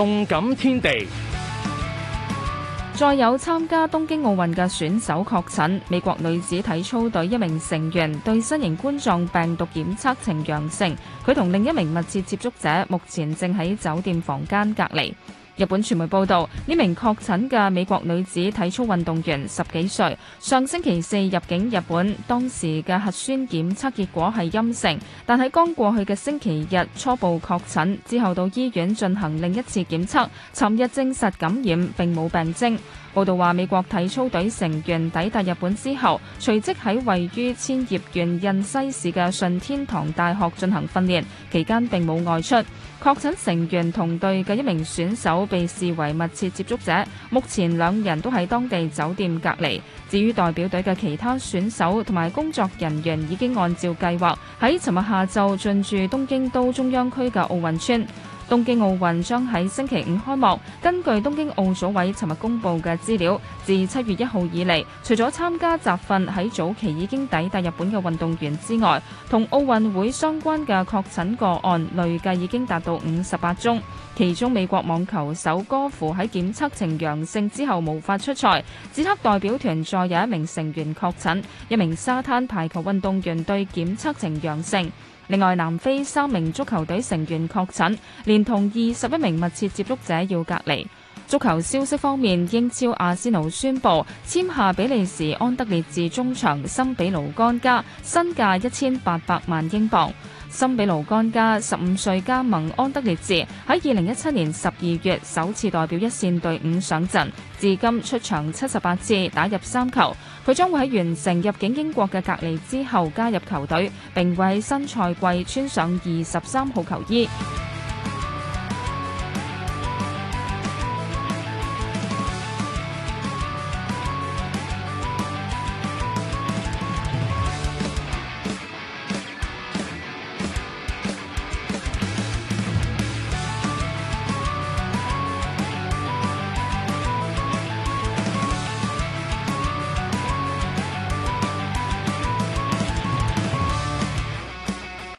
動感天地。再有參加東京奧運嘅選手確診，美國女子體操隊一名成員對新型冠狀病毒檢測呈陽性，佢同另一名密切接觸者目前正喺酒店房間隔離。日本傳媒報導，呢名確診嘅美國女子體操運動員，十幾歲，上星期四入境日本，當時嘅核酸檢測結果係陰性，但喺剛過去嘅星期日初步確診，之後到醫院進行另一次檢測，尋日證實感染並冇病徵。報道話，美國體操隊成員抵達日本之後，隨即喺位於千葉縣印西市嘅順天堂大學進行訓練，期間並冇外出。確診成員同隊嘅一名選手被視為密切接觸者，目前兩人都喺當地酒店隔離。至於代表隊嘅其他選手同埋工作人員，已經按照計劃喺尋日下晝進駐東京都中央區嘅奧運村。東京奧運將喺星期五開幕。根據東京奧組委尋日公布嘅資料，自七月一號以嚟，除咗參加集訓喺早期已經抵達日本嘅運動員之外，同奧運會相關嘅確診個案累計已經達到五十八宗。其中，美國網球手戈芙喺檢測呈陽性之後無法出賽；捷克代表團再有一名成員確診，一名沙灘排球運動員對檢測呈陽性。另外，南非三名足球隊成員確診，連同二十一名密切接觸者要隔離。足球消息方面，英超阿仙奴宣布簽下比利時安德烈治中場森比魯干加，身價一千八百萬英鎊。森比魯干加十五歲加盟安德烈治，喺二零一七年十二月首次代表一線隊伍上陣，至今出場七十八次，打入三球。佢將會喺完成入境英國嘅隔離之後加入球隊，並為新賽季穿上二十三號球衣。